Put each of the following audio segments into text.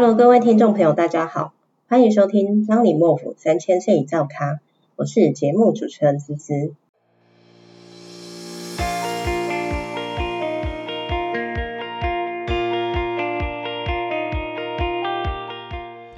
Hello，各位聽眾朋友，大家好，歡迎收聽張李《張李莫府三千歲造咖》，我是節目主持人絲絲。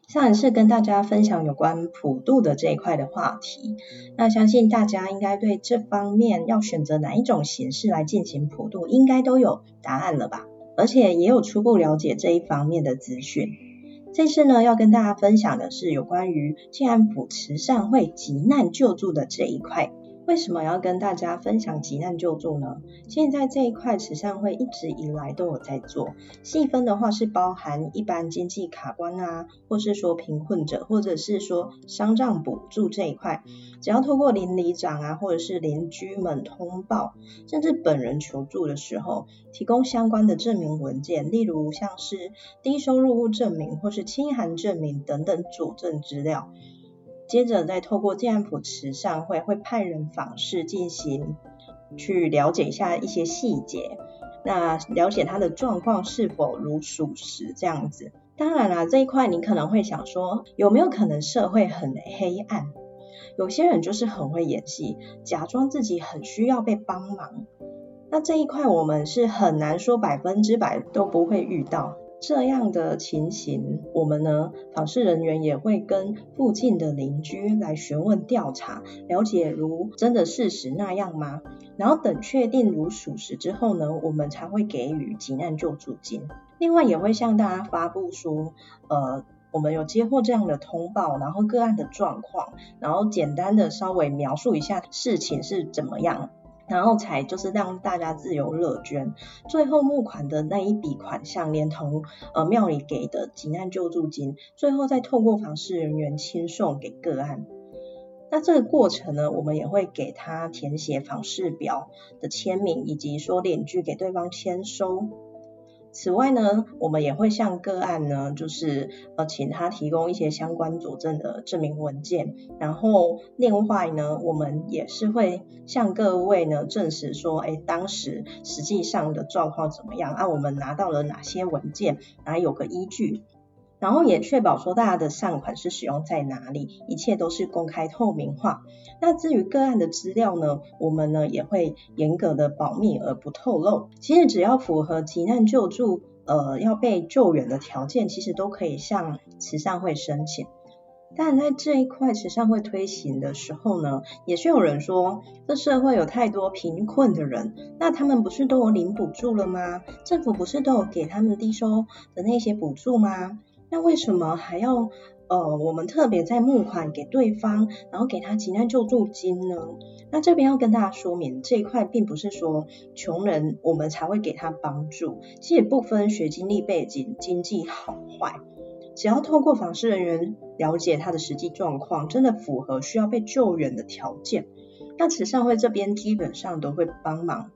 上一次跟大家分享有關普渡的這一塊的話題，那相信大家應該對這方面要選擇哪一種形式來進行普渡，應該都有答案了吧？而且也有初步了解這一方面的資訊。這次呢，要跟大家分享的是有關於進安府慈善會急難救助的這一塊。為什麼要跟大家分享急難救助呢？現在這一塊慈善會一直以來都有在做，細分的話是包含一般經濟卡關啊，或是說貧困者，或者是說喪葬補助這一塊，只要透過鄰里長啊，或者是鄰居們通報，甚至本人求助的時候，提供相關的證明文件，例如像是低收入戶證明或是清寒證明等等佐證資料。接着再透過進安府慈善會會派人訪視進行，去了解一下一些細節，那了解他的狀況是否如屬實這樣子。當然啦、啊，這一塊你可能會想說，有沒有可能社會很黑暗，有些人就是很會演戲，假裝自己很需要被幫忙。那這一塊我們是很難說百分之百都不會遇到。這樣的情形，我們呢，訪視人員也會跟附近的鄰居來詢問、調查、了解，如真的事實那樣嗎？然後等確定如屬實之後呢，我們才會給予急難救助金。另外也會向大家發布說，呃，我們有接獲這樣的通報，然後個案的狀況，然後簡單的稍微描述一下事情是怎麼樣。然後才就是讓大家自由樂捐，最後募款的那一筆款項，像連同呃廟裡給的急難救助金，最後再透過訪視人員親送給個案。那這個過程呢，我們也會給他填寫訪視表的簽名，以及說領據給對方簽收。此外呢，我們也會向個案呢，就是呃，請他提供一些相關佐證的證明文件。然後另外呢，我們也是會向各位呢證實說，欸，當時實際上的狀況怎麼樣？啊，我們拿到了哪些文件，來有個依據。然後也確保說大家的善款是使用在哪裡，一切都是公開透明化。那至於個案的資料呢，我們呢也會嚴格的保密而不透露。其實只要符合急難救助，呃，要被救援的條件，其實都可以向慈善會申請。但在這一塊慈善會推行的時候呢，也是有人說這社會有太多貧困的人，那他們不是都有領補助了嗎？政府不是都有給他們低收的那些補助嗎？那為什麼還要呃，我們特別在募款給對方，然後給他急難救助金呢？那這邊要跟大家說明，這一塊並不是說窮人我們才會給他幫助，其實也不分學經歷背景、經濟好壞，只要通過訪視人員了解他的實際狀況，真的符合需要被救援的條件，那慈善會這邊基本上都會幫忙。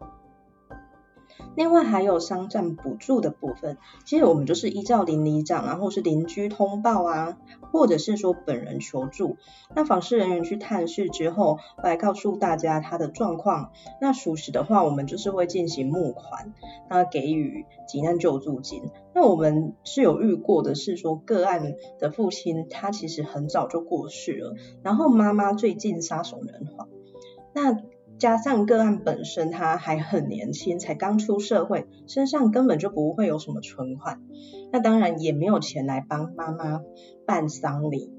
另外還有喪葬補助的部分，其實我們就是依照鄰里長啊，或是鄰居通報啊，或者是說本人求助，那訪視人員去探視之後，來告訴大家他的狀況，那屬實的話，我們就是會進行募款，那、啊、給予急難救助金。那我們是有遇過的是說，個案的父親他其實很早就過世了，然後媽媽最近撒手人寰，那。加上個案本身他還很年輕，才剛出社會，身上根本就不會有什麼存款，那當然也沒有錢來幫媽媽辦喪禮。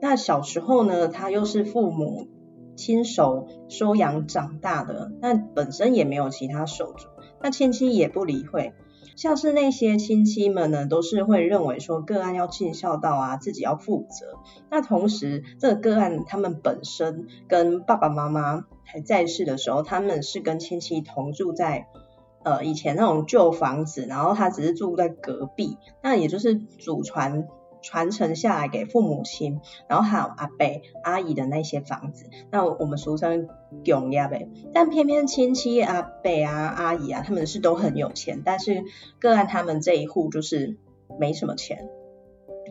那小時候呢，他又是父母親手收養長大的，那本身也沒有其他手足，那親戚也不理會。像是那些親戚們呢，都是會認為說個案要盡孝道啊，自己要負責。那同時這個個案他們本身跟爸爸媽媽，還在世的時候，他們是跟親戚同住在呃以前那種舊房子，然後他只是住在隔壁，那也就是祖傳傳承下來給父母親，然後還有阿伯阿姨的那些房子，那我們俗稱唄。但偏偏親戚阿伯啊阿姨啊，他們是都很有錢，但是個案他們這一戶就是沒什麼錢。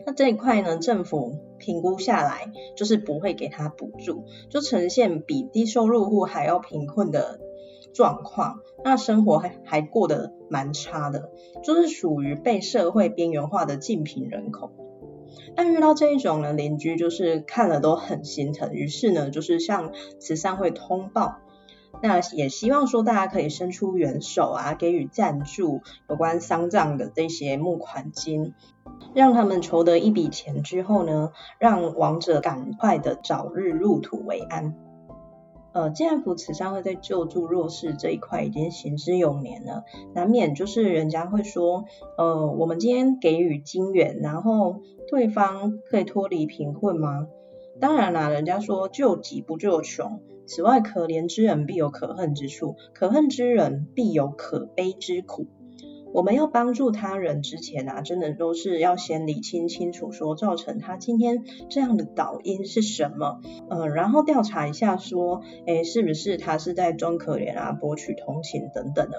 那這一塊呢，政府評估下來就是不會給他補助，就呈現比低收入戶還要貧困的狀況，那生活還還過得蠻差的，就是屬於被社會邊緣化的近貧人口。但遇到這一種呢，鄰居就是看了都很心疼，於是呢，就是向慈善會通報。那也希望說大家可以伸出援手啊，給予贊助有關喪葬的這些募款金，讓他們籌得一筆錢之後呢，讓亡者趕快的早日入土為安。呃，進安府慈善會在救助弱勢這一塊已經行之有年了，難免就是人家會說，呃，我們今天給予金援，然後對方可以脫離貧困嗎？當然啦，人家說救急不救窮。此外，可憐之人必有可恨之處，可恨之人必有可悲之苦。我們要幫助他人之前啊，真的都是要先理清清楚，說造成他今天這樣的導因是什麼，嗯、呃，然後調查一下，說，誒、欸、是不是他是在裝可憐啊，博取同情等等呢？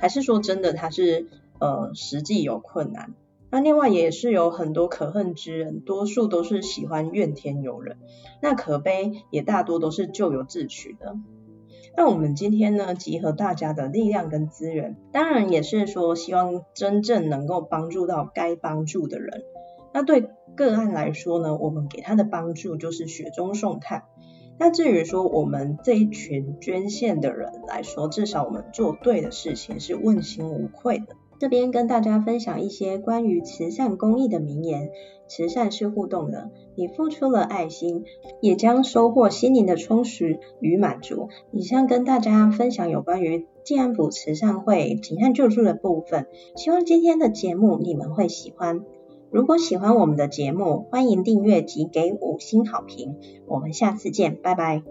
還是說真的他是呃，實際有困難？那、啊、另外也是有很多可恨之人，多數都是喜歡怨天尤人，那可悲也大多都是咎由自取的。那我們今天呢，集合大家的力量跟資源，當然也是說希望真正能夠幫助到該幫助的人。那對個案來說呢，我們給他的幫助就是雪中送炭。那至於說我們這一群捐獻的人來說，至少我們做對的事情是問心無愧的。這邊跟大家分享一些關於慈善公益的名言。慈善是互動的，你付出了愛心，也將收穫心靈的充實與滿足。以上跟大家分享有關於進安府慈善會、慈善救助的部分。希望今天的節目你們會喜歡。如果喜歡我們的節目，歡迎訂閱及給五星好評。我們下次見，拜拜。